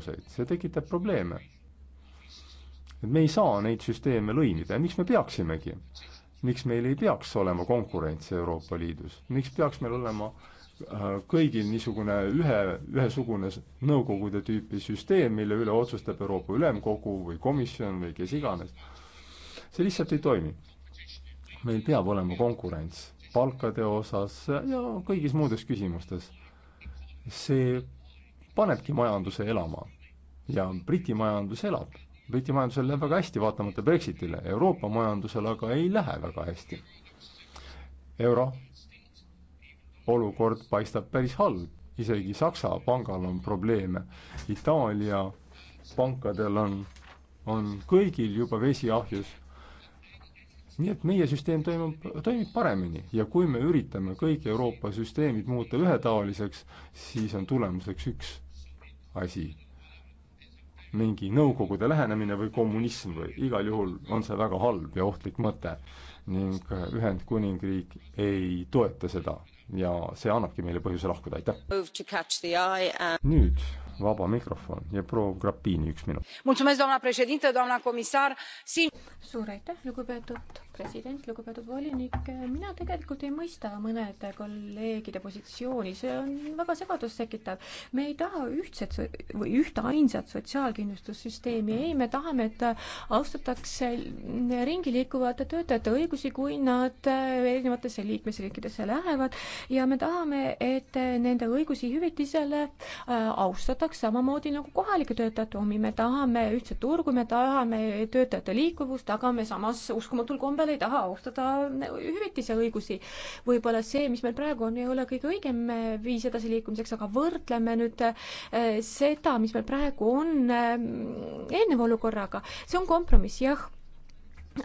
teenuseid, see tekitab probleeme. et me ei saa neid süsteeme lõimida ja miks me peaksimegi? miks meil ei peaks olema konkurentsi Euroopa Liidus, miks peaks meil olema äh, kõigil niisugune ühe, ühesugune nõukogude tüüpi süsteem, mille üle otsustab Euroopa Ülemkogu või komisjon või kes iganes. see lihtsalt ei toimi. meil peab olema konkurents palkade osas ja kõigis muudes küsimustes. see panebki majanduse elama. ja Briti majandus elab. Briti majandusel läheb väga hästi, vaatamata Brexitile, Euroopa majandusel aga ei lähe väga hästi. euro olukord paistab päris halb, isegi Saksa pangal on probleeme, Itaalia pankadel on, on kõigil juba vesi ahjus nii et meie süsteem toimub, toimib paremini ja kui me üritame kõik Euroopa süsteemid muuta ühetaoliseks, siis on tulemuseks üks asi. mingi Nõukogude lähenemine või kommunism või igal juhul on see väga halb ja ohtlik mõte. ning Ühendkuningriik ei toeta seda ja see annabki meile põhjuse lahkuda, aitäh! nüüd vaba mikrofon ja proua Grappini üks minut. suur aitäh, lugupeetud president, lugupeetud volinik, mina tegelikult ei mõista mõnede kolleegide positsiooni, see on väga segadust tekitav. me ei taha ühtset või ühte ainsat sotsiaalkindlustussüsteemi, ei, me tahame, et austatakse ringi liikuvate töötajate õigusi, kui nad erinevatesse liikmesriikidesse lähevad ja me tahame, et nende õigusi hüvitisele äh, austataks samamoodi nagu kohalike töötajate omi, me tahame ühtset turgu, me tahame töötajate liikuvust, aga me samas uskumatul kombel seal ei taha austada hüvitise õigusi. võib-olla see, mis meil praegu on, ei ole kõige õigem viis edasiliikumiseks, aga võrdleme nüüd äh, seda, mis meil praegu on, äh, eelneva olukorraga. see on kompromiss, jah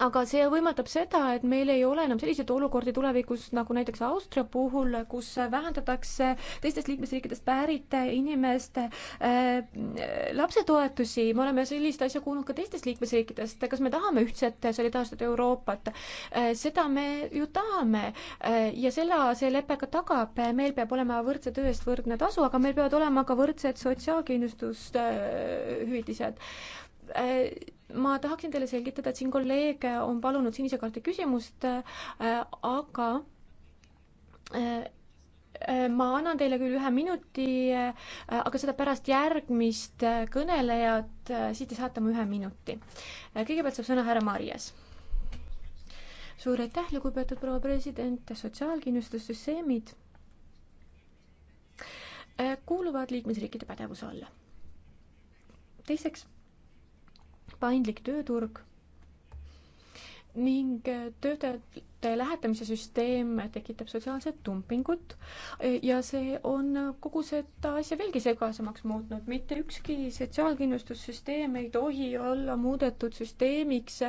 aga see võimaldab seda, et meil ei ole enam selliseid olukordi tulevikus nagu näiteks Austria puhul, kus vähendatakse teistest liikmesriikidest pärit inimeste äh, lapsetoetusi. me oleme sellist asja kuulnud ka teistest liikmesriikidest. kas me tahame ühtset solidaarset Euroopat äh,? seda me ju tahame äh, ja selle see lepe ka tagab. Äh, meil peab olema võrdse töö eest võrdne tasu, aga meil peavad olema ka võrdsed sotsiaalkindlustushüvitised äh, ma tahaksin teile selgitada, et siin kolleeg on palunud sinise kaardi küsimust, äh, aga äh, äh, ma annan teile küll ühe minuti, aga seda pärast järgmist kõnelejat, siis te saate mu ühe minuti. kõigepealt saab sõna härra Marjas suur aitäh, lugupeetud proua president, sotsiaalkindlustussüsteemid kuuluvad liikmesriikide pädevuse alla. teiseks paindlik tööturg ning töötajate lähetamise süsteem tekitab sotsiaalset dumpingut ja see on kogu seda asja veelgi segasemaks muutnud. mitte ükski sotsiaalkindlustussüsteem ei tohi olla muudetud süsteemiks,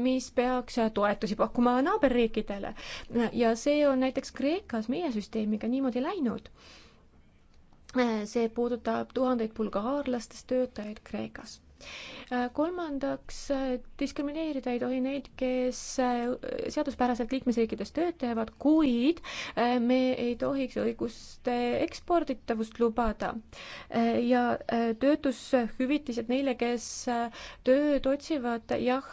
mis peaks toetusi pakkuma naaberriikidele. ja see on näiteks Kreekas meie süsteemiga niimoodi läinud. see puudutab tuhandeid bulgaarlastest töötajaid Kreekas Äh, kolmandaks, äh, diskrimineerida ei tohi neid, kes äh, seaduspäraselt liikmesriikides tööd teevad, kuid me ei tohiks õiguste eksporditavust lubada. ja töötushüvitised neile, kes tööd otsivad, jah,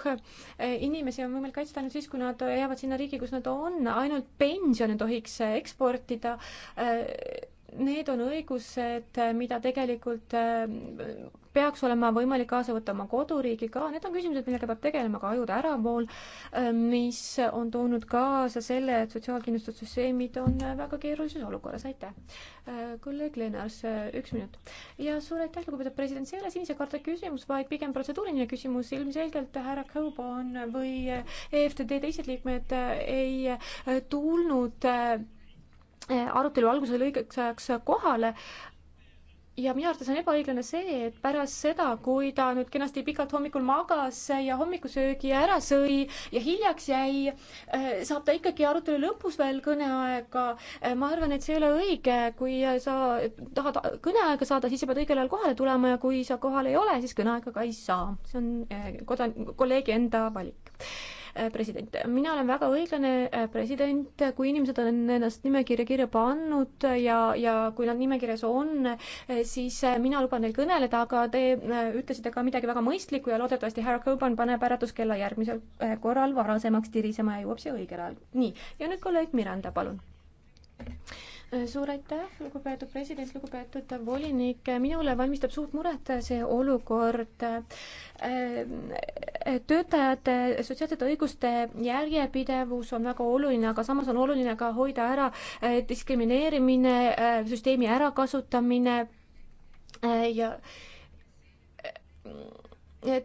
inimesi on võimalik kaitsta ainult siis, kui nad jäävad sinna riigi, kus nad on, ainult pensione tohiks eksportida need on õigused, mida tegelikult peaks olema võimalik kaasa võtta oma koduriigi ka, need on küsimused, millega peab tegelema ka ajude äravool, äh, mis on toonud kaasa selle, et sotsiaalkindlustussüsteemid on äh, väga keerulises olukorras, aitäh. Äh, kolleeg Lennars, üks minut. ja suur aitäh, lugupeetud president, see ei ole sinise kaarte küsimus, vaid pigem protseduuriline küsimus, ilmselgelt härra Coburn või EFTD teised liikmed ei tulnud arutelu alguse lõigeks ajaks kohale ja minu arvates on ebaõiglane see, et pärast seda, kui ta nüüd kenasti pikalt hommikul magas ja hommikusöögi ära sõi ja hiljaks jäi, eh, saab ta ikkagi arutelu lõpus veel kõneaega. Eh, ma arvan, et see ei ole õige, kui sa tahad kõneaega saada, siis sa pead õigel ajal kohale tulema ja kui sa kohal ei ole, siis kõneaega ka ei saa. see on eh, kodan-, kolleegi enda valik president, mina olen väga õiglane äh, president, kui inimesed on ennast nimekirja kirja pannud ja, ja kui nad nimekirjas on, äh, siis äh, mina luban neil kõneleda, aga te ütlesite ka midagi väga mõistlikku ja loodetavasti härra Coban paneb äratuskella järgmisel korral varasemaks tirisema ja jõuab siia õigel ajal. nii, ja nüüd kolleeg Miranda, palun suur aitäh, lugupeetud president, lugupeetud volinik, minule valmistab suurt muret see olukord. Äh, töötajate sotsiaalsete õiguste järjepidevus on väga oluline, aga samas on oluline ka hoida ära äh, diskrimineerimine, äh, süsteemi ärakasutamine ja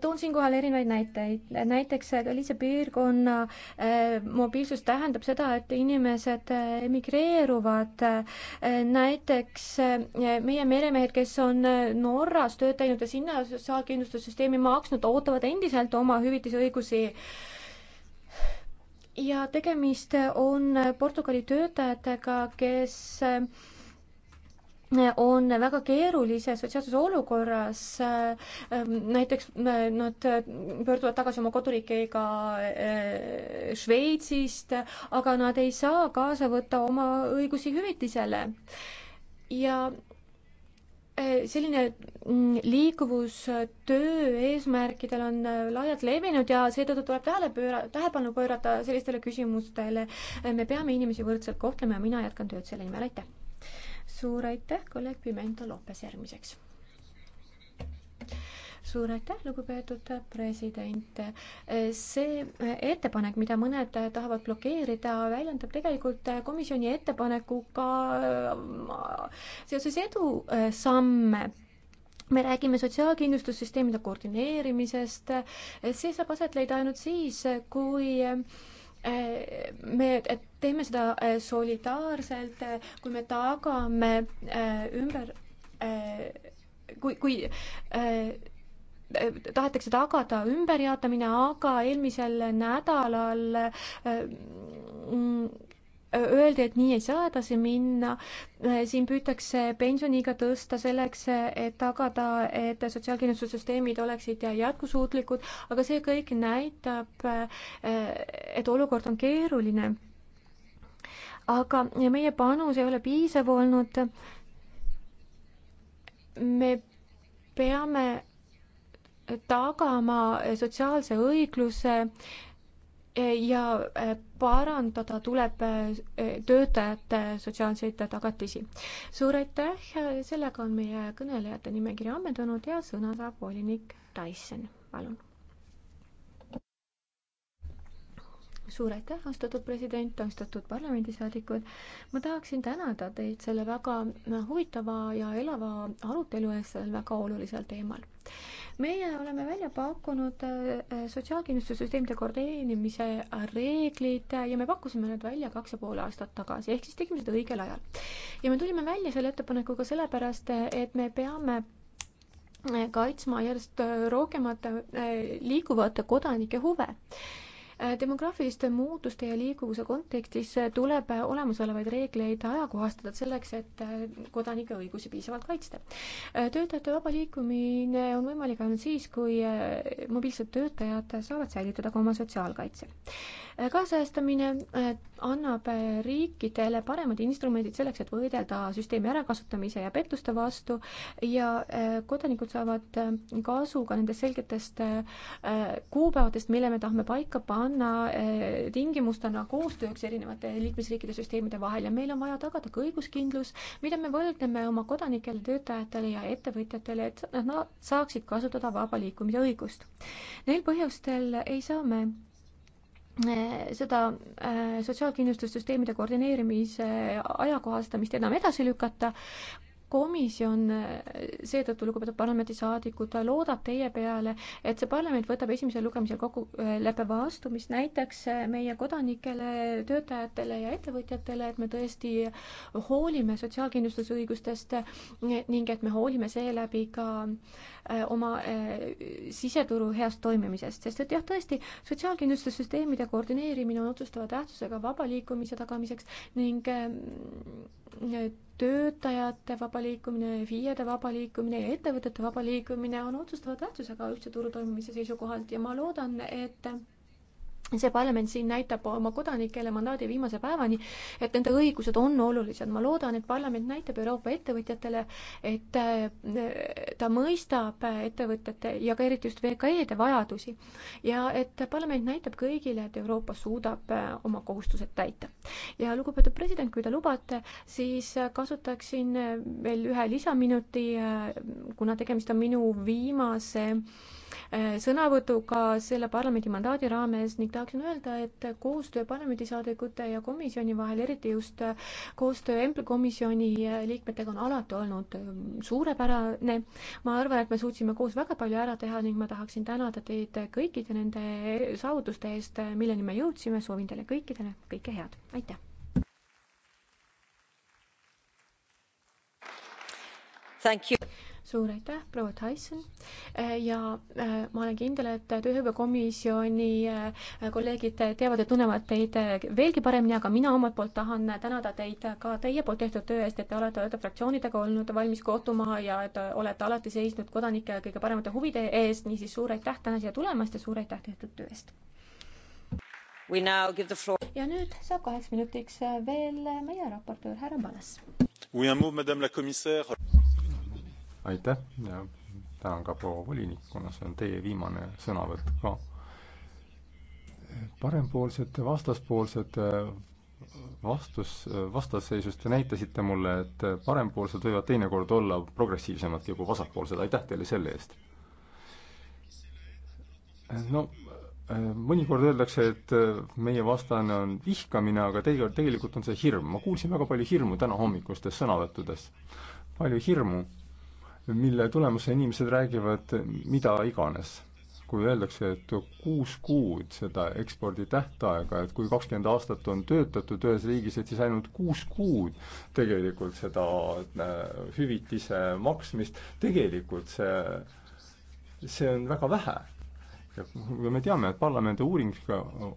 toon siinkohal erinevaid näiteid, näiteks Galiisa piirkonna äh, mobiilsus tähendab seda, et inimesed äh, emigreeruvad, äh, näiteks meie meremehed, kes on Norras tööd teinud ja sinna sotsiaalkindlustussüsteemi maksnud, ootavad endiselt oma hüvitisõigusi ja tegemist on Portugali töötajatega, kes on väga keerulises sotsiaalses olukorras, ehm, näiteks eh, nad pöörduvad tagasi oma koduriigiga eh, Šveitsist, aga nad ei saa kaasa võtta oma õigusi hüvitisele. ja eh, selline mm, liikuvus töö eesmärkidel on laialt levinud ja seetõttu tuleb tähele pööra-, tähelepanu pöörata sellistele küsimustele. me peame inimesi võrdselt kohtlema ja mina jätkan tööd selle nimel, aitäh! suur aitäh, kolleeg Pimenta Lopes järgmiseks. suur aitäh, lugupeetud president. see ettepanek, mida mõned tahavad blokeerida, väljendab tegelikult komisjoni ettepanekuga äh, seoses edusamme äh, me räägime sotsiaalkindlustussüsteemide koordineerimisest, see saab aset leida ainult siis, kui äh, me teeme seda äh, solidaarselt, äh, kui me tagame äh, ümber, kui, kui tahetakse tagada ümberjaotamine, aga eelmisel nädalal öeldi, et nii ei saa edasi minna. siin püütakse pensioniiga tõsta selleks, et tagada, et sotsiaalkindlustussüsteemid oleksid jätkusuutlikud, aga see kõik näitab, et olukord on keeruline. aga meie panus ei ole piisav olnud. me peame tagama sotsiaalse õigluse ja äh, parandada tuleb äh, töötajate sotsiaalseid tagatisi. suur aitäh, sellega on meie kõnelejate nimekiri ammendunud ja sõna saab volinik Tyson, palun. suur aitäh, austatud president, austatud parlamendisaadikud. ma tahaksin tänada teid selle väga äh, huvitava ja elava arutelu eest sellel väga olulisel teemal meie oleme välja pakkunud äh, sotsiaalkindlustussüsteemide koordineerimise reeglid ja me pakkusime need välja kaks ja pool aastat tagasi, ehk siis tegime seda õigel ajal. ja me tulime välja selle ettepanekuga sellepärast, et me peame äh, kaitsma järjest äh, rohkemate liikuvate kodanike huve Äh, demograafiliste muutuste ja liikuvuse kontekstis äh, tuleb äh, olemasolevaid reegleid ajakohastada selleks, et kodanike õigusi piisavalt kaitsta. töötajate vaba liikumine on võimalik ainult siis, kui mobiilsed töötajad saavad säilitada ka oma sotsiaalkaitse. kaasajastamine annab riikidele paremad instrumendid selleks, et võidelda süsteemi ärakasutamise ja pettuste vastu ja kodanikud saavad kasu ka nendest selgetest kuupäevadest, mille me tahame paika panna, panna eh, tingimustena koostööks erinevate liikmesriikide süsteemide vahel ja meil on vaja tagada ka õiguskindlus, mida me võlgneme oma kodanikele, töötajatele ja ettevõtjatele, et nad saaksid kasutada vaba liikumise õigust. Neil põhjustel ei saa me eh, seda eh, sotsiaalkindlustussüsteemide koordineerimise ajakohastamist enam edasi lükata, komisjon seetõttu, lugupeetud parlamendisaadikud, loodab teie peale, et see parlament võtab esimesel lugemisel kokkuleppe äh, vastu, mis näitaks äh, meie kodanikele, töötajatele ja ettevõtjatele, et me tõesti hoolime sotsiaalkindlustusõigustest äh, ning et me hoolime seeläbi ka oma siseturu heast toimimisest, sest et jah, tõesti, sotsiaalkindlustussüsteemide koordineerimine on otsustava tähtsusega vaba liikumise tagamiseks ning töötajate vaba liikumine, FIE-de vaba liikumine ja ettevõtete vaba liikumine on otsustava tähtsusega ühtse turu toimimise seisukohalt ja ma loodan, et see parlament siin näitab oma kodanikele mandaadi viimase päevani, et nende õigused on olulised. ma loodan, et parlament näitab Euroopa ettevõtjatele, et eh, ta mõistab ettevõtete ja ka eriti just VKE-de vajadusi ja et parlament näitab kõigile, et Euroopa suudab eh, oma kohustused täita. ja lugupeetud president, kui te lubate, siis kasutaksin eh, veel ühe lisaminuti, kuna tegemist on minu viimase Äh, sõnavõtuga selle parlamendi mandaadi raames ning tahaksin öelda, et koostöö parlamendisaadikute ja komisjoni vahel, eriti just äh, koostöö EMPL komisjoni äh, liikmetega on alati olnud suurepärane. ma arvan, et me suutsime koos väga palju ära teha ning ma tahaksin tänada teid kõikide nende saavutuste eest, milleni me jõudsime, soovin teile kõikidele kõike head, aitäh! Thank you suur aitäh, proua Tyson äh, ja äh, ma olen kindel, et tööhõivekomisjoni äh, kolleegid teavad ja tunnevad teid veelgi paremini, aga mina omalt poolt tahan tänada teid ka teie poolt tehtud töö eest, et te olete olete fraktsioonidega olnud valmis kohtuma ja et olete alati seisnud kodanike kõige paremate huvide eest, niisiis suur aitäh täna siia tulemast ja suur aitäh tehtud töö eest! ja nüüd saab kaheks minutiks veel meie raportöör härra Malas aitäh ja tänan ka proua volinik, kuna see on teie viimane sõnavõtt ka. parempoolsete, vastaspoolsete vastus, vastasseisust te näitasite mulle, et parempoolsed võivad teinekord olla progressiivsemadki kui vasakpoolsed, aitäh teile selle eest! no mõnikord öeldakse, et meie vastane on vihkamine, aga tegelikult on see hirm. ma kuulsin väga palju hirmu täna hommikustes sõnavõttudes. palju hirmu mille tulemusel inimesed räägivad mida iganes. kui öeldakse, et kuus kuud seda ekspordi tähtaega, et kui kakskümmend aastat on töötatud ühes riigis, et siis ainult kuus kuud tegelikult seda äh, hüvitise maksmist, tegelikult see, see on väga vähe ja me teame, et parlamendi uuring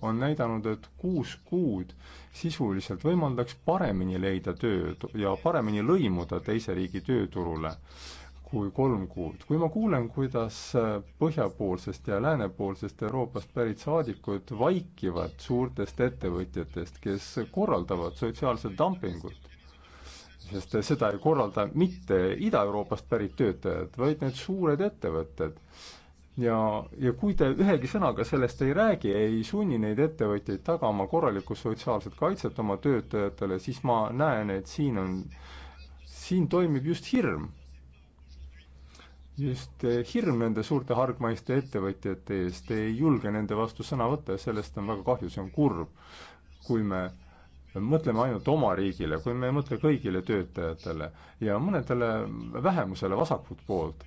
on näidanud, et kuus kuud sisuliselt võimaldaks paremini leida tööd ja paremini lõimuda teise riigi tööturule kui kolm kuud. kui ma kuulen, kuidas äh, põhjapoolsest ja läänepoolsest Euroopast pärit saadikud vaikivad suurtest ettevõtjatest, kes korraldavad sotsiaalset dumpingut, sest seda ei korralda mitte Ida-Euroopast pärit töötajad, vaid need suured ettevõtted, ja, ja kui te ühegi sõnaga sellest ei räägi, ei sunni neid ettevõtjaid tagama korralikku sotsiaalset kaitset oma töötajatele, siis ma näen, et siin on, siin toimib just hirm just eh, hirm nende suurte hargmaiste ettevõtjate eest, ei julge nende vastu sõna võtta ja sellest on väga kahju, see on kurb. kui me mõtleme ainult oma riigile, kui me ei mõtle kõigile töötajatele ja mõnedele vähemusele vasakult poolt,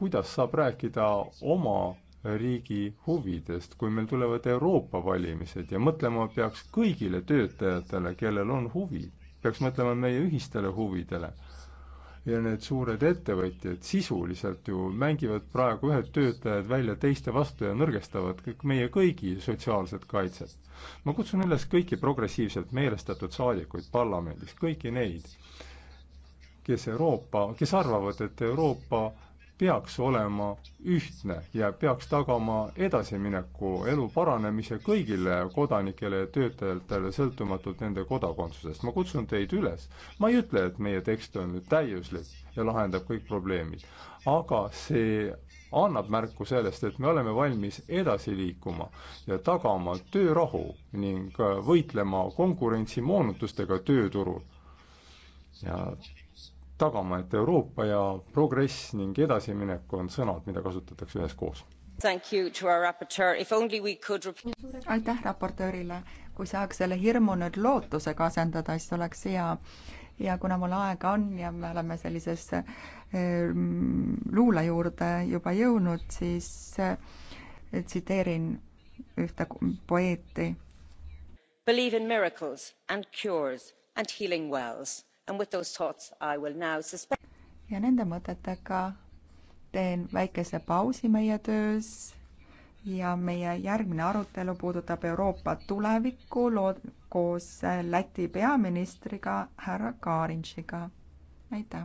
kuidas saab rääkida oma riigi huvidest, kui meil tulevad Euroopa valimised ja mõtlema peaks kõigile töötajatele, kellel on huvid, peaks mõtlema meie ühistele huvidele ja need suured ettevõtjad sisuliselt ju mängivad praegu ühed töötajad välja teiste vastu ja nõrgestavad kõik meie kõigi sotsiaalset kaitset. ma kutsun üles kõiki progressiivselt meelestatud saadikuid parlamendis, kõiki neid, kes Euroopa, kes arvavad, et Euroopa peaks olema ühtne ja peaks tagama edasimineku elu paranemise kõigile kodanikele ja töötajatele, sõltumatult nende kodakondsusest. ma kutsun teid üles, ma ei ütle, et meie tekst on nüüd täiuslik ja lahendab kõik probleemid, aga see annab märku sellest, et me oleme valmis edasi liikuma ja tagama töörahu ning võitlema konkurentsimoonutustega tööturul. ja tagama, et Euroopa ja progress ning edasiminek on sõnad, mida kasutatakse üheskoos. Could... aitäh raportöörile, kui saaks selle hirmu nüüd lootusega asendada, siis oleks hea ja kuna mul aega on ja me oleme sellises ehm, luule juurde juba jõudnud, siis eh, tsiteerin ühte poeeti. Believe in miracles and cures and healing wells ja nende mõtetega teen väikese pausi meie töös ja meie järgmine arutelu puudutab Euroopa tulevikku lood- koos Läti peaministriga härra Karinšiga. aitäh!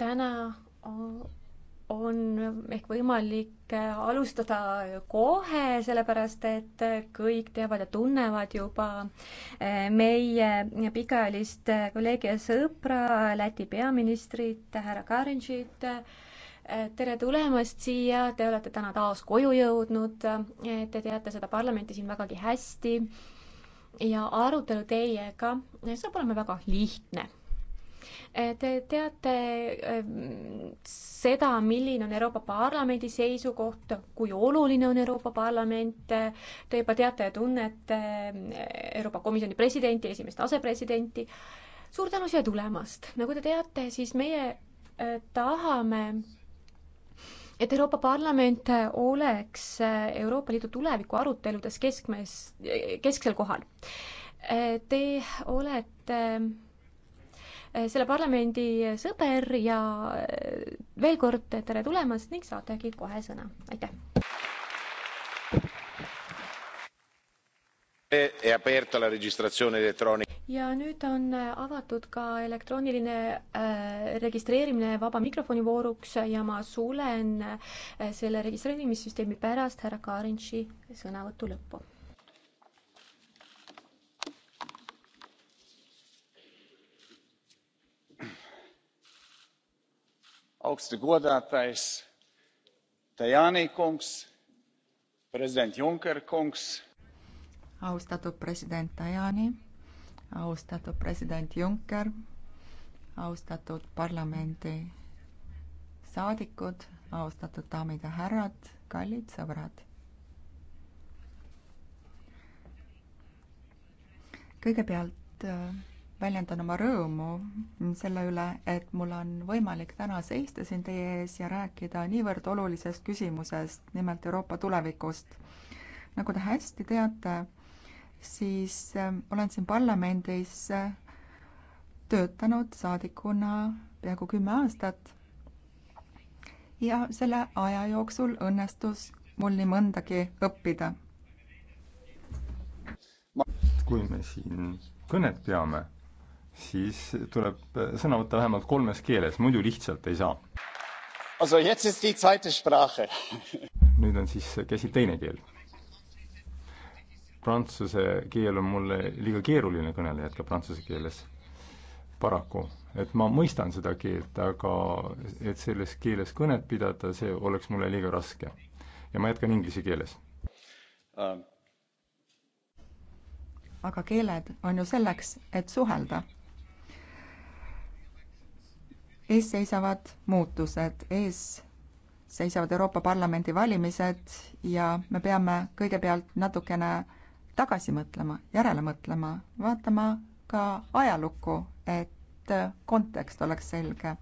täna on ehk võimalik äh, alustada kohe, sellepärast et kõik teavad ja tunnevad juba äh, meie pikaajalist äh, kolleegi ja sõpra, Läti peaministrit härra Karinšit. tere tulemast siia, te olete täna taas koju jõudnud, te teate seda parlamenti siin vägagi hästi ja arutelu teiega saab olema väga lihtne. Te teate ehm, seda, milline on Euroopa Parlamendi seisukoht, kui oluline on Euroopa Parlament. Te juba teate ja tunnete ehm, Euroopa Komisjoni presidenti, esimest asepresidenti. suur tänu siia tulemast. nagu te teate, siis meie eh, tahame et Euroopa Parlament oleks Euroopa Liidu tuleviku aruteludes keskmes, kesksel kohal. Te olete selle parlamendi sõber ja veel kord tere tulemast ning saategi kohe sõna, aitäh! ja nüüd on äh, avatud ka elektrooniline äh, registreerimine vaba mikrofoni vooruks ja ma sulen äh, selle registreerimissüsteemi pärast härra Karinši sõnavõtu lõppu. austatud tajani kungs president juncker kungs austatud president Tajani, austatud president Juncker, austatud parlamendi saadikud, austatud daamid ja härrad, kallid sõbrad. kõigepealt äh, väljendan oma rõõmu selle üle, et mul on võimalik täna seista siin teie ees ja rääkida niivõrd olulisest küsimusest, nimelt Euroopa tulevikust. nagu te hästi teate, siis ähm, olen siin parlamendis äh, töötanud saadikuna peaaegu kümme aastat. ja selle aja jooksul õnnestus mul nii mõndagi õppida. kui me siin kõnet peame, siis tuleb äh, sõna võtta vähemalt kolmes keeles, muidu lihtsalt ei saa. Also jetzt ist die zweite Sprache. nüüd on siis käsil teine keel prantsuse keel on mulle liiga keeruline kõneleda, jätkab prantsuse keeles paraku. et ma mõistan seda keelt, aga et selles keeles kõnet pidada, see oleks mulle liiga raske. ja ma jätkan inglise keeles um.. aga keeled on ju selleks, et suhelda. ees seisavad muutused, ees seisavad Euroopa Parlamendi valimised ja me peame kõigepealt natukene tagasi mõtlema, järele mõtlema, vaatama ka ajalukku, et kontekst oleks selge.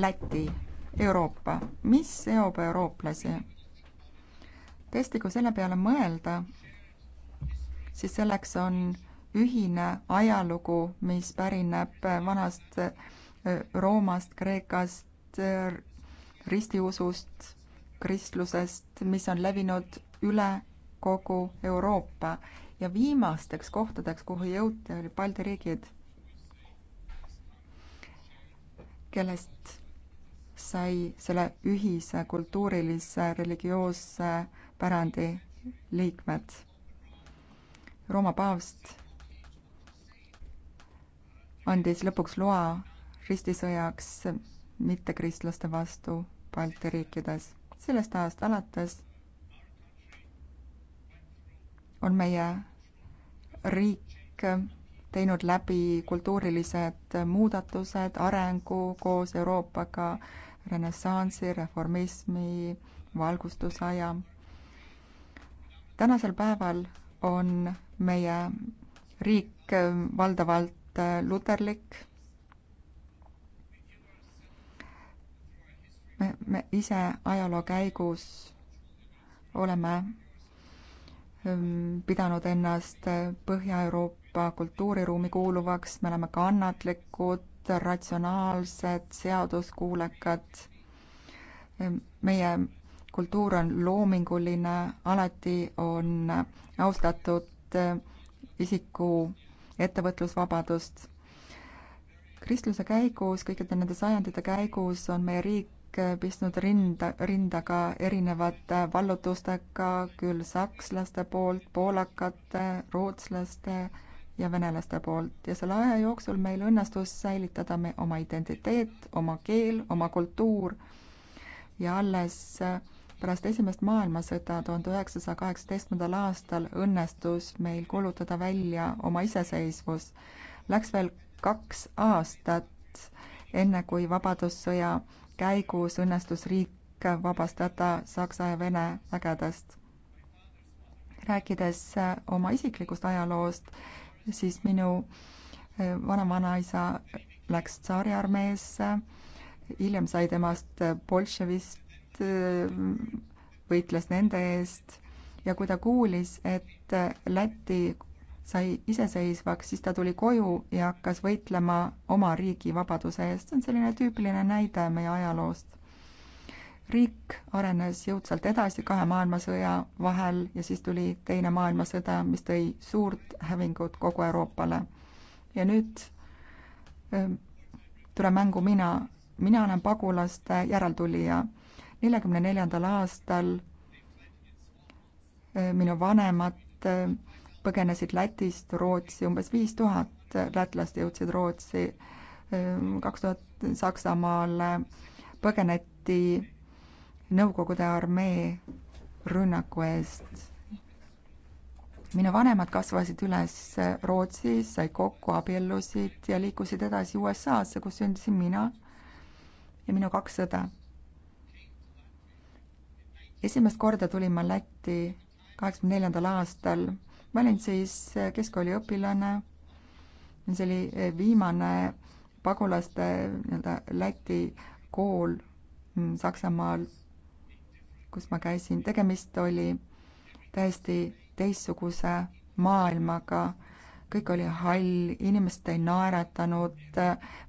Läti, Euroopa, mis seob eurooplasi? tõesti, kui selle peale mõelda, siis selleks on ühine ajalugu, mis pärineb vanast äh, Roomast, Kreekast, äh, ristiusust, kristlusest, mis on levinud üle kogu Euroopa ja viimasteks kohtadeks, kuhu jõuti, olid Balti riigid, kellest sai selle ühise kultuurilise religioosse pärandi liikmed. Rooma paavst andis lõpuks loa ristisõjaks mittekristlaste vastu Balti riikides. sellest ajast alates on meie riik teinud läbi kultuurilised muudatused, arengu koos Euroopaga, renessansi, reformismi, valgustusaja. tänasel päeval on meie riik valdavalt luterlik. me, me ise ajaloo käigus oleme pidanud ennast äh, Põhja-Euroopa kultuuriruumi kuuluvaks, me oleme kannatlikud, ratsionaalsed, seaduskuulekad. meie kultuur on loominguline, alati on äh, austatud äh, isiku ettevõtlusvabadust. kristluse käigus, kõikide nende sajandite käigus on meie riik pistnud rinda, rinda ka erinevate vallutustega, küll sakslaste poolt, poolakate, rootslaste ja venelaste poolt ja selle aja jooksul meil õnnestus säilitada me oma identiteet, oma keel, oma kultuur ja alles pärast esimest maailmasõda tuhande üheksasaja kaheksateistkümnendal aastal õnnestus meil kuulutada välja oma iseseisvus. Läks veel kaks aastat, enne kui Vabadussõja käigus õnnestus riik vabastada Saksa ja Vene vägedest. rääkides oma isiklikust ajaloost, siis minu eh, vanavanaisa läks tsaariarmeesse, hiljem sai temast eh, bolševist, eh, võitles nende eest ja kui ta kuulis, et Läti sai iseseisvaks, siis ta tuli koju ja hakkas võitlema oma riigi vabaduse eest. see on selline tüüpiline näide meie ajaloost. riik arenes jõudsalt edasi kahe maailmasõja vahel ja siis tuli Teine maailmasõda, mis tõi suurt hävingut kogu Euroopale. ja nüüd tulen mängu mina. mina olen pagulaste järeltulija. neljakümne neljandal aastal minu vanemad põgenesid Lätist Rootsi, umbes viis tuhat lätlast jõudsid Rootsi, kaks tuhat Saksamaale, põgeneti Nõukogude armee rünnaku eest. minu vanemad kasvasid üles Rootsis, said kokku, abiellusid ja liikusid edasi USA-sse, kus sündisin mina ja minu kaks õde. esimest korda tulin ma Lätti kaheksakümne neljandal aastal ma olin siis keskkooliõpilane, see oli eh, viimane pagulaste nii-öelda Läti kool mm, Saksamaal, kus ma käisin, tegemist oli täiesti teistsuguse maailmaga, kõik oli hall, inimesed ei naeratanud,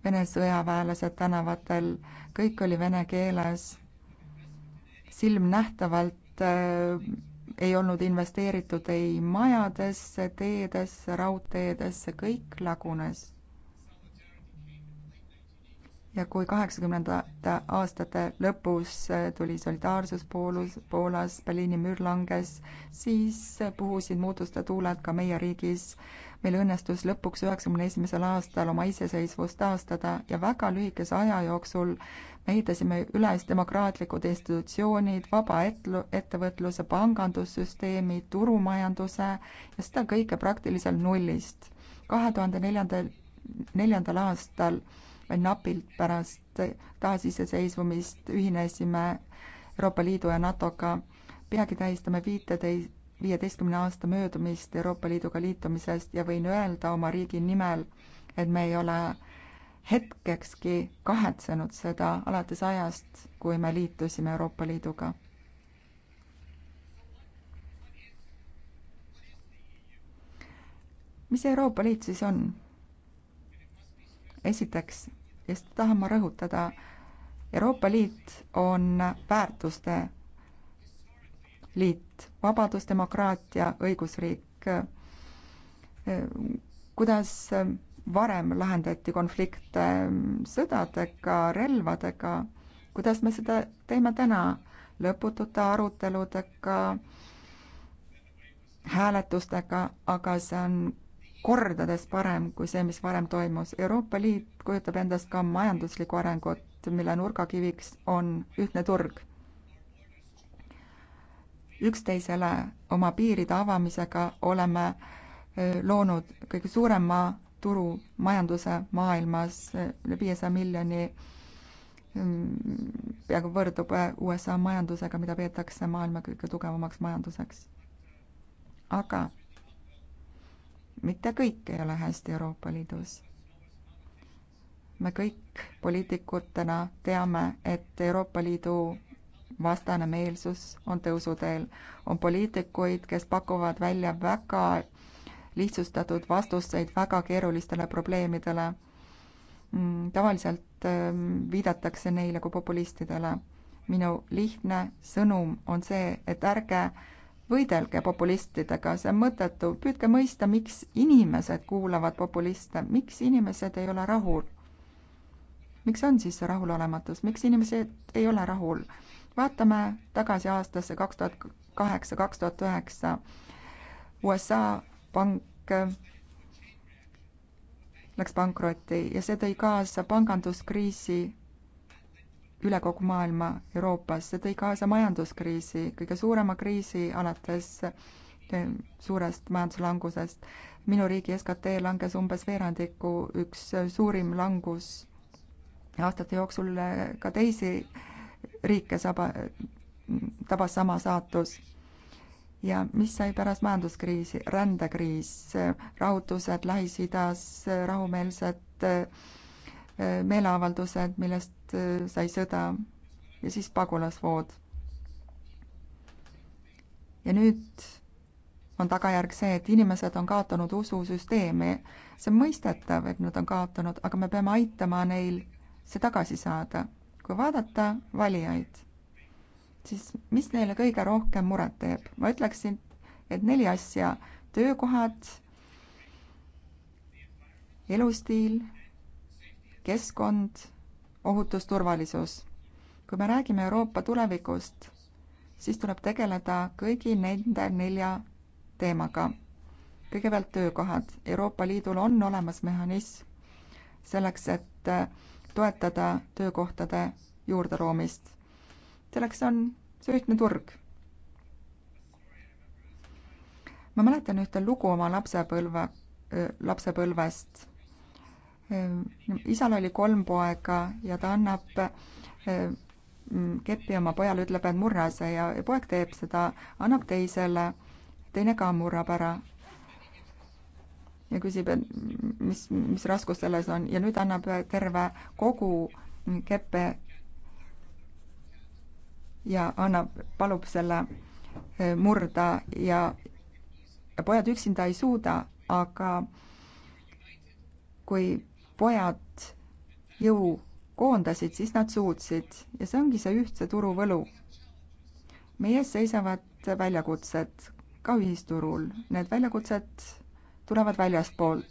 Vene sõjaväelased tänavatel, kõik oli vene keeles, silmnähtavalt eh, ei olnud investeeritud ei majadesse, teedesse, raudteedesse, kõik lagunes. ja kui kaheksakümnendate aastate lõpus tuli solidaarsus Poolus, Poolas, Berliini müür langes, siis puhusid muutuste tuuled ka meie riigis. meil õnnestus lõpuks üheksakümne esimesel aastal oma iseseisvust taastada ja väga lühikese aja jooksul me ehitasime üles demokraatlikud institutsioonid, vaba etlu-, ettevõtluse, pangandussüsteemi, turumajanduse ja seda kõike praktiliselt nullist. kahe tuhande neljandal, neljandal aastal või napilt pärast taasiseseisvumist ühinesime Euroopa Liidu ja NATO-ga, peagi tähistame viiteteist, viieteistkümne aasta möödumist Euroopa Liiduga liitumisest ja võin öelda oma riigi nimel, et me ei ole hetkekski kahetsenud seda alates ajast, kui me liitusime Euroopa Liiduga mis Euroopa Liit siis on? esiteks, ja seda tahan ma rõhutada, Euroopa Liit on väärtuste liit, vabadus, demokraatia, õigusriik. kuidas varem lahendati konflikte ähm, sõdadega, relvadega, kuidas me seda teeme täna lõputute aruteludega, hääletustega, aga see on kordades parem kui see, mis varem toimus. Euroopa Liit kujutab endast ka majanduslikku arengut, mille nurgakiviks on ühtne turg. üksteisele oma piiride avamisega oleme äh, loonud kõige suurema turumajanduse maailmas üle viiesaja miljoni mm, peaaegu võrdub äh, USA majandusega, mida peetakse maailma kõige tugevamaks majanduseks. aga mitte kõik ei ole hästi Euroopa Liidus. me kõik poliitikutena teame, et Euroopa Liidu vastane meelsus on tõusuteel. on poliitikuid, kes pakuvad välja väga lihtsustatud vastuseid väga keerulistele probleemidele. Mm, tavaliselt ähm, viidatakse neile kui populistidele. minu lihtne sõnum on see, et ärge võidelge populistidega, see on mõttetu, püüdke mõista, miks inimesed kuulavad populiste, miks inimesed ei ole rahul. miks on siis see rahulolematus, miks inimesed ei ole rahul? vaatame tagasi aastasse kaks tuhat kaheksa, kaks tuhat üheksa. USA pank läks pankrotti ja see tõi kaasa panganduskriisi üle kogu maailma, Euroopas, see tõi kaasa majanduskriisi, kõige suurema kriisi alates eh, suurest majanduslangusest. minu riigi SKT langes umbes veerandiku, üks suurim langus aastate jooksul ka teisi riike saba, tabas sama saatus ja mis sai pärast majanduskriisi, rändekriis, rahutused Lähis-Idas, rahumeelsed äh, meeleavaldused, millest äh, sai sõda ja siis pagulasvood. ja nüüd on tagajärg see, et inimesed on kaotanud ususüsteemi. see on mõistetav, et nad on kaotanud, aga me peame aitama neil see tagasi saada. kui vaadata valijaid siis mis neile kõige rohkem muret teeb? ma ütleksin, et neli asja. töökohad, elustiil, keskkond, ohutus, turvalisus. kui me räägime Euroopa tulevikust, siis tuleb tegeleda kõigi nende nelja teemaga. kõigepealt töökohad. Euroopa Liidul on olemas mehhanism selleks, et toetada töökohtade juurdeloomist selleks on see ühtne turg. ma mäletan ühte lugu oma lapsepõlve, lapsepõlvest. isal oli kolm poega ja ta annab keppi oma pojale, ütleb, et murra see ja poeg teeb seda, annab teisele, teine ka murrab ära. ja küsib, et mis, mis raskus selles on ja nüüd annab terve kogu keppe ja annab, palub selle eh, murda ja pojad üksinda ei suuda, aga kui pojad jõu koondasid, siis nad suutsid ja see ongi see ühtse turu võlu. meie ees seisavad väljakutsed ka ühisturul, need väljakutsed tulevad väljastpoolt.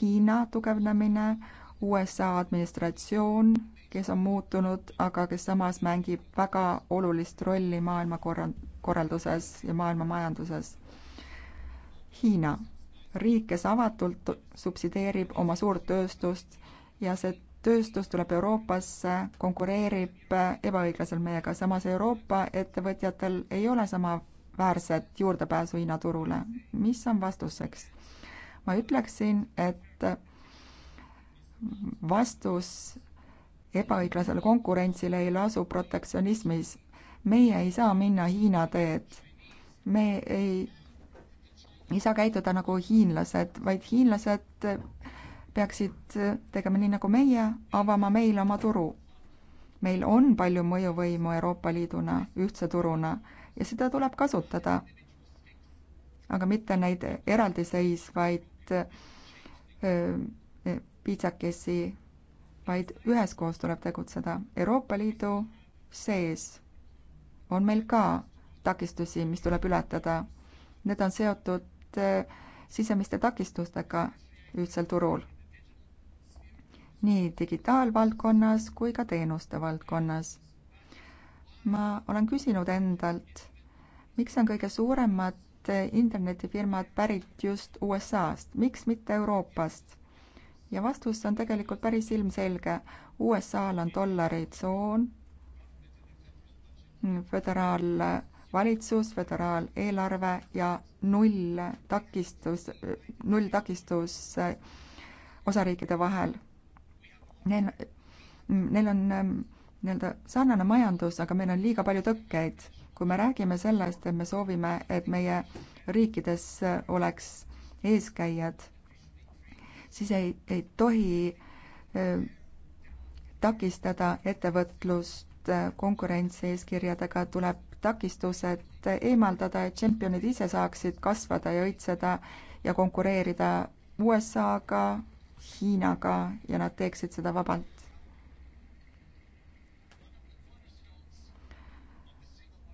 Hiina tugevnemine, USA administratsioon kes on muutunud, aga kes samas mängib väga olulist rolli maailma korra-, korralduses ja maailma majanduses. Hiina, riik, kes avatult subsideerib oma suurt tööstust ja see tööstus tuleb Euroopasse, konkureerib ebaõiglaselt meiega, samas Euroopa ettevõtjatel ei ole samaväärset juurdepääsu Hiina turule. mis on vastuseks? ma ütleksin, et vastus ebaõiglasele konkurentsile ei lasu protektsionismis. meie ei saa minna Hiina teed. me ei, ei saa käituda nagu hiinlased, vaid hiinlased peaksid tegema nii nagu meie, avama meile oma turu. meil on palju mõjuvõimu Euroopa Liiduna, ühtse turuna ja seda tuleb kasutada. aga mitte neid eraldiseisvaid piitsakesi vaid üheskoos tuleb tegutseda. Euroopa Liidu sees on meil ka takistusi, mis tuleb ületada. Need on seotud eh, sisemiste takistustega ühtsel turul. nii digitaalvaldkonnas kui ka teenuste valdkonnas. ma olen küsinud endalt, miks on kõige suuremad internetifirmad pärit just USA-st, miks mitte Euroopast ja vastus on tegelikult päris ilmselge. USA-l on dollaritsoon, föderaalvalitsus, föderaaleelarve ja null takistus, null takistus eh, osariikide vahel. Neil, neil on eh, nii-öelda sarnane majandus, aga meil on liiga palju tõkkeid. kui me räägime sellest, et me soovime, et meie riikides oleks eeskäijad siis ei, ei tohi takistada ettevõtlust konkurentsieeskirjadega, tuleb takistused eemaldada, et tšempionid ise saaksid kasvada ja õitseda ja konkureerida USA-ga, Hiinaga ja nad teeksid seda vabalt.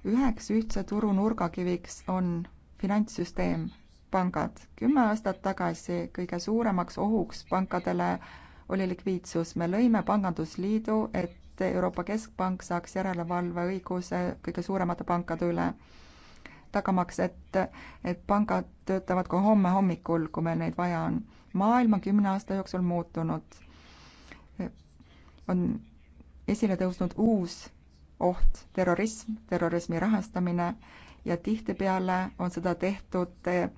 üheks ühtse turu nurgakiviks on finantssüsteem pangad. kümme aastat tagasi kõige suuremaks ohuks pankadele oli likviidsus. me lõime Pangandusliidu, et Euroopa Keskpank saaks järelevalveõiguse kõige suuremate pankade üle tagamaks, et, et pangad töötavad ka homme hommikul, kui meil neid vaja on. maailm on kümne aasta jooksul muutunud. on esile tõusnud uus oht, terrorism, terrorismi rahastamine ja tihtipeale on seda tehtud eh,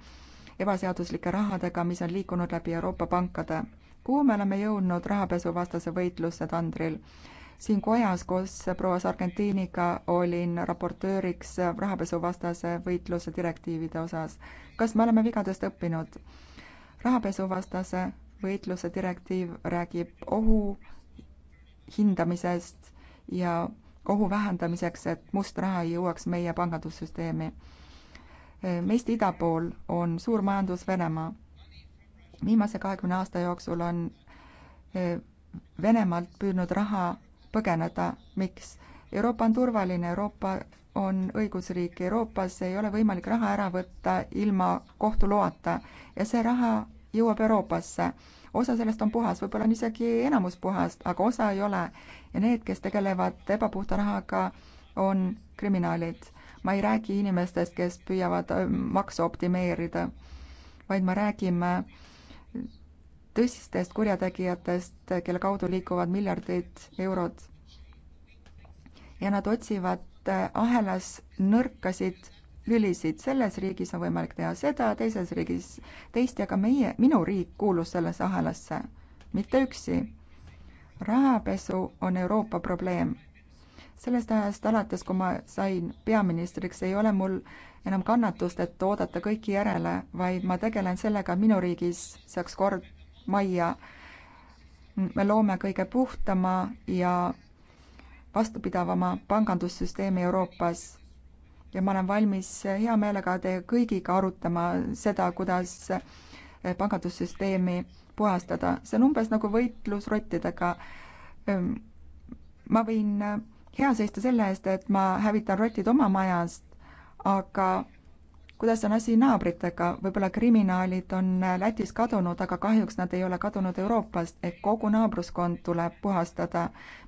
ebaseaduslike rahadega, mis on liikunud läbi Euroopa pankade. kuhu me oleme jõudnud rahapesuvastase võitluse tandril? siin kojas koos proua Sargentiniga olin raportööriks rahapesuvastase võitluse direktiivide osas. kas me oleme vigadest õppinud? rahapesuvastase võitluse direktiiv räägib ohu hindamisest ja ohu vähendamiseks, et must raha ei jõuaks meie pangandussüsteemi meist ida pool on suur majandus Venemaa. viimase kahekümne aasta jooksul on eh, Venemaalt püüdnud raha põgeneda, miks? Euroopa on turvaline, Euroopa on õigusriik, Euroopas ei ole võimalik raha ära võtta ilma kohtuloata ja see raha jõuab Euroopasse. osa sellest on puhas, võib-olla on isegi enamus puhast, aga osa ei ole. ja need, kes tegelevad ebapuhta rahaga, on kriminaalid ma ei räägi inimestest, kes püüavad makse optimeerida, vaid me räägime tõsistest kurjategijatest, kelle kaudu liiguvad miljardid eurod. ja nad otsivad äh, ahelas nõrkasid lülisid, selles riigis on võimalik teha seda, teises riigis teist ja ka meie, minu riik kuulus sellesse ahelasse, mitte üksi. rahapesu on Euroopa probleem sellest ajast alates, kui ma sain peaministriks, ei ole mul enam kannatust, et oodata kõiki järele, vaid ma tegelen sellega, et minu riigis saaks kord majja. me loome kõige puhtama ja vastupidavama pangandussüsteemi Euroopas ja ma olen valmis hea meelega teie kõigiga arutama seda, kuidas pangandussüsteemi puhastada. see on umbes nagu võitlus rottidega. Ehm, ma võin hea seista selle eest, et ma hävitan rotid oma majast, aga kuidas on asi naabritega, võib-olla kriminaalid on Lätis kadunud, aga kahjuks nad ei ole kadunud Euroopast, ehk kogu naabruskond tuleb puhastada.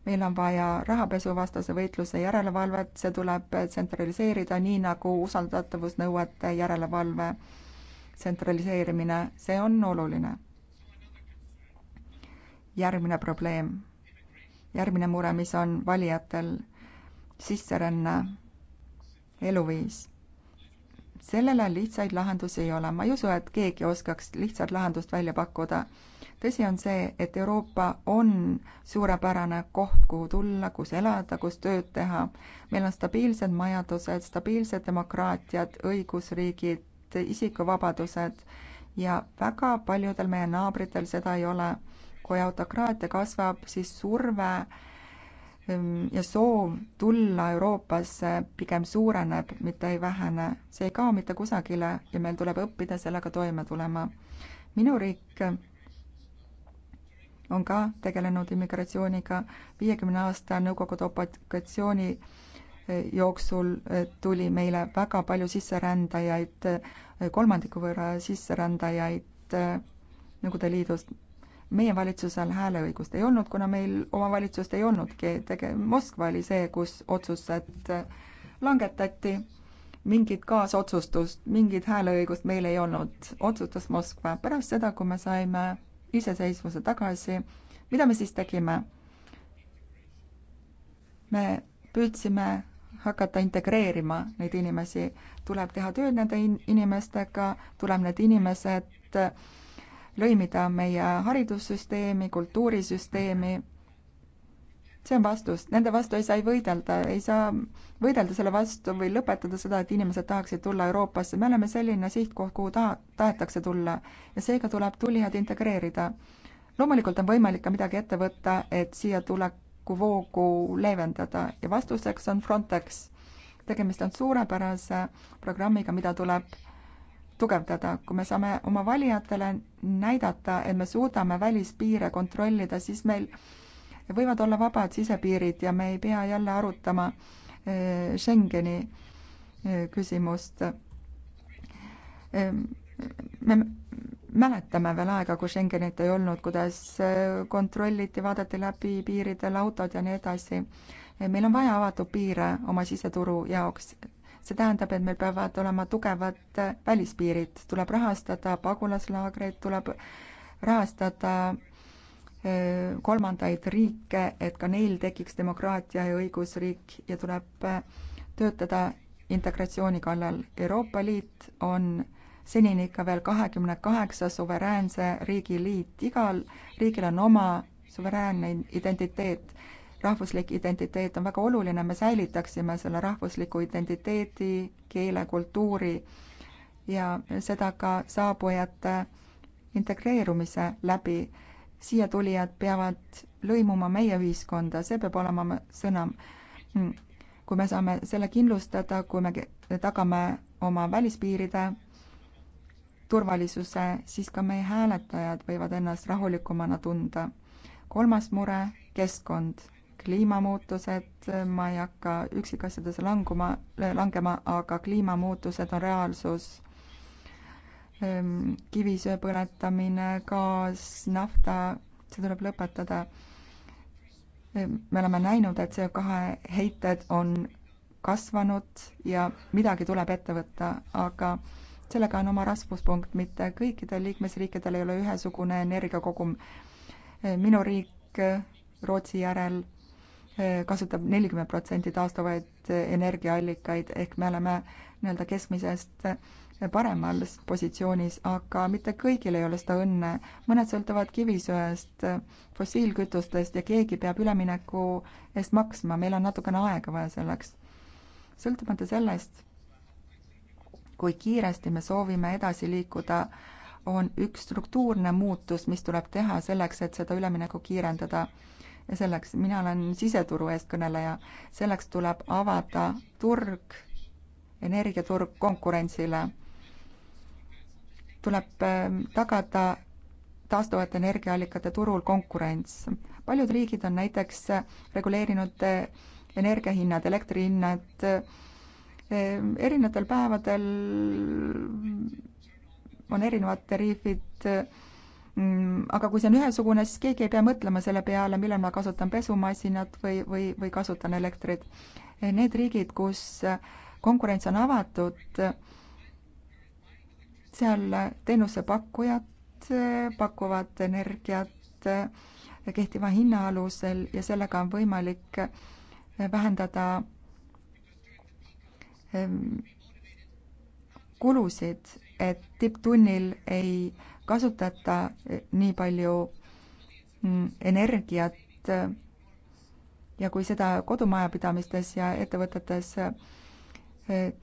meil on vaja rahapesuvastase võitluse järelevalvet, see tuleb tsentraliseerida, nii nagu usaldatavusnõuete järelevalve tsentraliseerimine, see on oluline. järgmine probleem järgmine mure, mis on valijatel sisseränne, eluviis. sellele lihtsaid lahendusi ei ole, ma ei usu, et keegi oskaks lihtsat lahendust välja pakkuda. tõsi on see, et Euroopa on suurepärane koht, kuhu tulla, kus elada, kus tööd teha. meil on stabiilsed majandused, stabiilsed demokraatiad, õigusriigid, isikuvabadused ja väga paljudel meie naabritel seda ei ole kui autokraatia kasvab, siis surve ähm, ja soov tulla Euroopasse pigem suureneb, mitte ei vähene. see ei kao mitte kusagile ja meil tuleb õppida sellega toime tulema. minu riik on ka tegelenud immigratsiooniga. viiekümne aasta Nõukogude okupatsiooni äh, jooksul äh, tuli meile väga palju sisserändajaid, äh, kolmandiku võrra sisserändajaid Nõukogude Liidust meie valitsusel hääleõigust ei olnud, kuna meil oma valitsust ei olnudki, tege-, Moskva oli see, kus otsused langetati, mingit kaasotsustust, mingit hääleõigust meil ei olnud, otsustas Moskva. pärast seda, kui me saime iseseisvuse tagasi, mida me siis tegime? me püüdsime hakata integreerima neid inimesi, tuleb teha tööd nende in-, inimestega, tuleb need inimesed lõimida meie haridussüsteemi, kultuurisüsteemi. see on vastus, nende vastu ei saa võidelda, ei saa võidelda selle vastu või lõpetada seda, et inimesed tahaksid tulla Euroopasse, me oleme selline sihtkoht, kuhu taha, tahetakse tulla ja seega tuleb tulijad integreerida. loomulikult on võimalik ka midagi ette võtta, et siia tulekuvoogu leevendada ja vastuseks on Frontex tegemist on suurepärase programmiga, mida tuleb tugevdada, kui me saame oma valijatele näidata, et me suudame välispiire kontrollida, siis meil võivad olla vabad sisepiirid ja me ei pea jälle arutama eh, Schengeni eh, küsimust. Eh, me mäletame veel aega, kui Schengenit ei olnud, kuidas kontrolliti, vaadati läbi piiridel autod ja nii edasi. meil on vaja avatud piire oma siseturu jaoks see tähendab, et meil peavad olema tugevad välispiirid, tuleb rahastada pagulaslaagreid, tuleb rahastada äh, kolmandaid riike, et ka neil tekiks demokraatia ja õigusriik ja tuleb äh, töötada integratsiooni kallal. Euroopa Liit on senini ikka veel kahekümne kaheksa suveräänse riigi liit, igal riigil on oma suveräänne identiteet rahvuslik identiteet on väga oluline, me säilitaksime selle rahvusliku identiteedi, keele, kultuuri ja seda ka saabujate integreerumise läbi. siia tulijad peavad lõimuma meie ühiskonda, see peab olema sõnum. kui me saame selle kindlustada, kui me tagame oma välispiiride turvalisuse, siis ka meie hääletajad võivad ennast rahulikumana tunda. kolmas mure, keskkond kliimamuutused, ma ei hakka üksikasjadesse languma, langema, aga kliimamuutused on reaalsus. Ehm, kivisöe põletamine, gaas, nafta, see tuleb lõpetada. Ehm, me oleme näinud, et CO kahe heited on kasvanud ja midagi tuleb ette võtta, aga sellega on oma raskuspunkt, mitte kõikidel liikmesriikidel ei ole ühesugune energiakogum. Ehm, minu riik Rootsi järel Eh, kasutab nelikümmend protsenti taastuvaid energiaallikaid ehk me oleme nii-öelda keskmisest paremal positsioonis, aga mitte kõigil ei ole seda õnne. mõned sõltuvad kivisöest, fossiilkütustest ja keegi peab ülemineku eest maksma, meil on natukene aega vaja selleks. sõltumata sellest, kui kiiresti me soovime edasi liikuda, on üks struktuurne muutus, mis tuleb teha selleks, et seda üleminekut kiirendada selleks, mina olen siseturu eestkõneleja, selleks tuleb avada turg, energiaturg konkurentsile. tuleb ähm, tagada taastuvate energiaallikate turul konkurents. paljud riigid on näiteks reguleerinud äh, energiahinnad, elektrihinnad ähm, erinevatel päevadel on erinevad tariifid äh, Mm, aga kui see on ühesugune, siis keegi ei pea mõtlema selle peale, millal ma kasutan pesumasinat või, või, või kasutan elektrit. Eh, need riigid, kus eh, konkurents on avatud, eh, seal teenusepakkujad pakuvad energiat kehtiva hinna alusel ja sellega on võimalik vähendada kulusid, et tipptunnil ei äh, kasutata nii palju mm, energiat ja kui seda kodumajapidamistes ja ettevõtetes eh,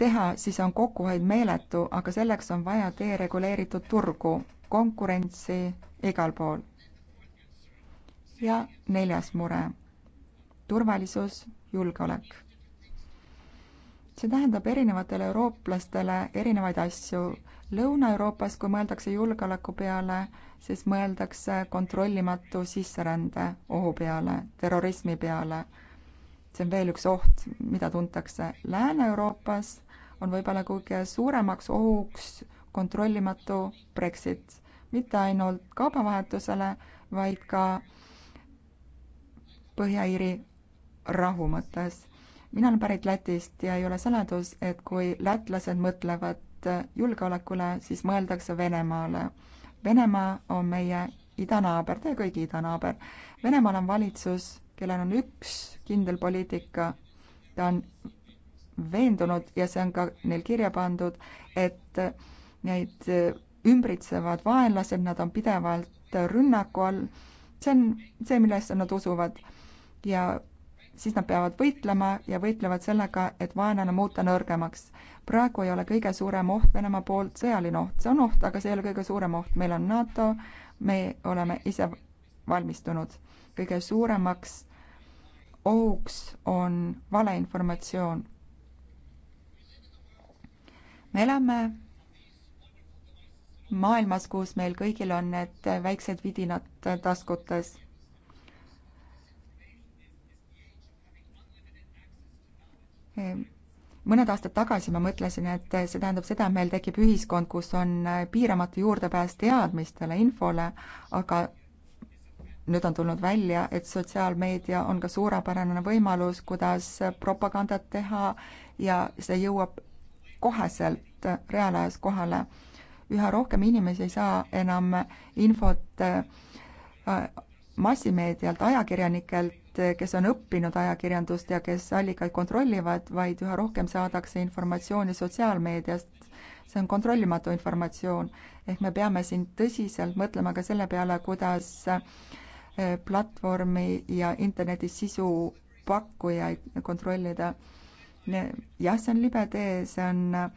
teha, siis on kokkuhoid meeletu, aga selleks on vaja dereguleeritud turgu, konkurentsi igal pool. ja neljas mure, turvalisus, julgeolek see tähendab erinevatele eurooplastele erinevaid asju. Lõuna-Euroopas, kui mõeldakse julgeoleku peale, siis mõeldakse kontrollimatu sisserände ohu peale, terrorismi peale. see on veel üks oht, mida tuntakse. Lääne-Euroopas on võib-olla kõige suuremaks ohuks kontrollimatu Brexit, mitte ainult kaubavahetusele, vaid ka Põhja-Iiri rahu mõttes mina olen pärit Lätist ja ei ole saladus, et kui lätlased mõtlevad julgeolekule, siis mõeldakse Venemaale. Venemaa on meie idanaaber, teie kõigi idanaaber. Venemaal on valitsus, kellel on üks kindel poliitika, ta on veendunud ja see on ka neil kirja pandud, et neid ümbritsevad vaenlased, nad on pidevalt rünnaku all, see on see, millesse nad usuvad. ja siis nad peavad võitlema ja võitlevad sellega, et vaenlane muuta nõrgemaks. praegu ei ole kõige suurem oht Venemaa poolt sõjaline oht, see on oht, aga see ei ole kõige suurem oht, meil on NATO, me oleme ise valmistunud. kõige suuremaks ohuks on valeinformatsioon. me elame maailmas, kus meil kõigil on need väiksed vidinad taskutes mõned aastad tagasi ma mõtlesin, et see tähendab seda, et meil tekib ühiskond, kus on piiramatu juurdepääs teadmistele, infole, aga nüüd on tulnud välja, et sotsiaalmeedia on ka suurepärane võimalus, kuidas propagandat teha ja see jõuab koheselt reaalajas kohale. üha rohkem inimesi ei saa enam infot äh, massimeedialt, ajakirjanikelt, Eh, kes on õppinud ajakirjandust ja kes allikaid kontrollivad, vaid üha rohkem saadakse informatsiooni sotsiaalmeediast. see on kontrollimatu informatsioon ehk me peame siin tõsiselt mõtlema ka selle peale, kuidas eh, platvormi ja interneti sisu pakkujaid kontrollida. jah, see on libe tee, see on eh,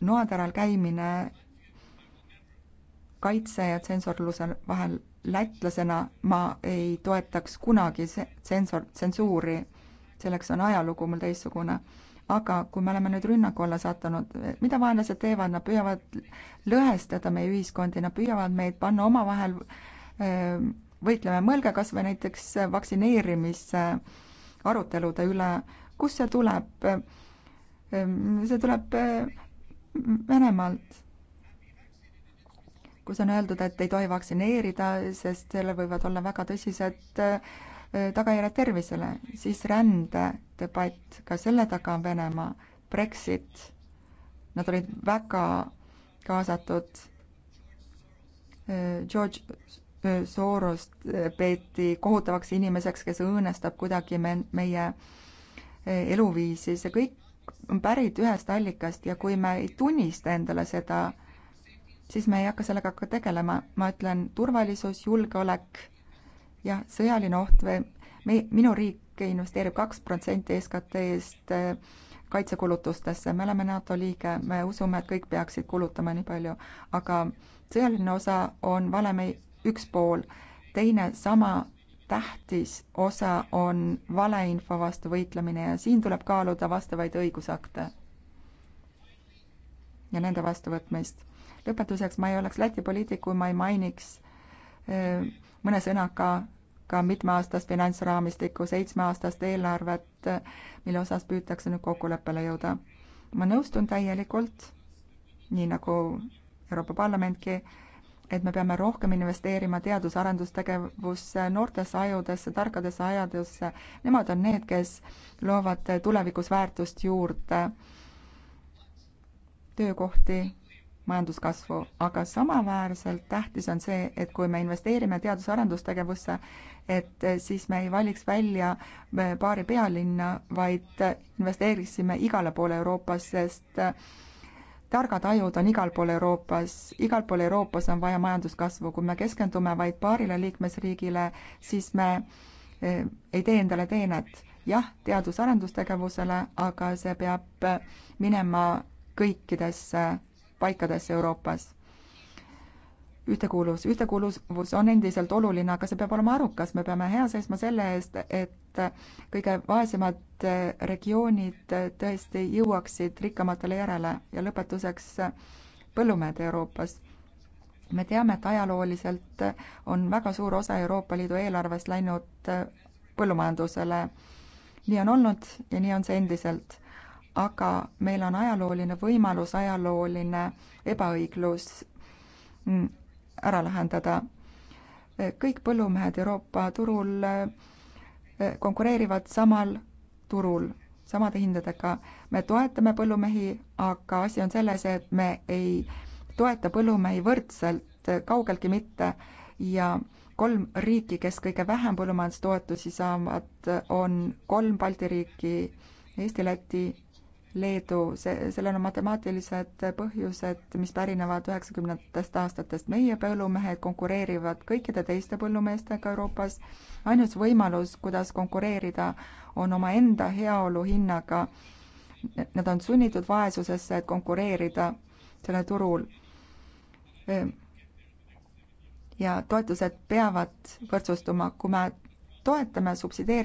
noataral käimine kaitse ja tsensorluse vahel lätlasena ma ei toetaks kunagi tsensor, tsensuuri, selleks on ajalugu mul teistsugune. aga kui me oleme nüüd rünnaku alla sattunud, mida vaenlased teevad, nad püüavad lõhestada meie ühiskondi, nad püüavad meid panna omavahel ehm, võitlema, mõelge kas või näiteks vaktsineerimise arutelude üle, kust see tuleb? Ehm, see tuleb ehm, Venemaalt kus on öeldud, et ei tohi vaktsineerida, sest sellel võivad olla väga tõsised äh, tagajärjed tervisele, siis rändedebatt, ka selle taga on Venemaa, Brexit, nad olid väga kaasatud, äh, George äh, Sorost peeti kohutavaks inimeseks, kes õõnestab kuidagi me, meie eluviisi, see kõik on pärit ühest allikast ja kui me ei tunnista endale seda, siis me ei hakka sellega ka tegelema, ma ütlen turvalisus, julgeolek, jah, sõjaline oht või me, minu riik investeerib kaks protsenti SKT-st eh, kaitsekulutustesse, me oleme NATO liige, me usume, et kõik peaksid kulutama nii palju, aga sõjaline osa on valemi üks pool, teine sama tähtis osa on valeinfo vastu võitlemine ja siin tuleb kaaluda vastavaid õigusakte ja nende vastuvõtmist lõpetuseks, ma ei oleks Läti poliitik, kui ma ei mainiks eh, mõne sõnaga ka mitmeaastast finantsraamistikku, seitsmeaastast eelarvet, mille osas püütakse nüüd kokkuleppele jõuda. ma nõustun täielikult, nii nagu Euroopa Parlamentki, et me peame rohkem investeerima teadus-arendustegevusse, noortesse ajudesse, tarkadesse ajadusse, nemad on need, kes loovad tulevikus väärtust juurde, töökohti majanduskasvu, aga samaväärselt tähtis on see, et kui me investeerime teadus-arendustegevusse, et siis me ei valiks välja paari pealinna, vaid investeeriksime igale poole Euroopas, sest targad ajud on igal pool Euroopas, igal pool Euroopas on vaja majanduskasvu, kui me keskendume vaid paarile liikmesriigile, siis me eh, ei tee endale teenet. jah, teadus-arendustegevusele, aga see peab minema kõikidesse paikades Euroopas ühtekuuluvus, ühtekuuluvus on endiselt oluline, aga see peab olema arukas, me peame hea seisma selle eest, et kõige vaesemad regioonid tõesti jõuaksid rikkamatele järele ja lõpetuseks põllumehed Euroopas. me teame, et ajalooliselt on väga suur osa Euroopa Liidu eelarvest läinud põllumajandusele. nii on olnud ja nii on see endiselt aga meil on ajalooline võimalus ajalooline ebaõiglus mm, ära lahendada. kõik põllumehed Euroopa turul eh, konkureerivad samal turul samade hindadega. me toetame põllumehi, aga asi on selles, et me ei toeta põllumehi võrdselt, kaugeltki mitte ja kolm riiki, kes kõige vähem põllumajandustoetusi saavad, on kolm Balti riiki, Eesti, Läti Leedu, see, sellel on matemaatilised põhjused, mis pärinevad üheksakümnendatest aastatest. meie põllumehed konkureerivad kõikide teiste põllumeestega Euroopas. ainus võimalus, kuidas konkureerida, on omaenda heaolu hinnaga. Nad on sunnitud vaesusesse, et konkureerida sellel turul. ja toetused peavad võrdsustuma, kui me toetame, subsideerime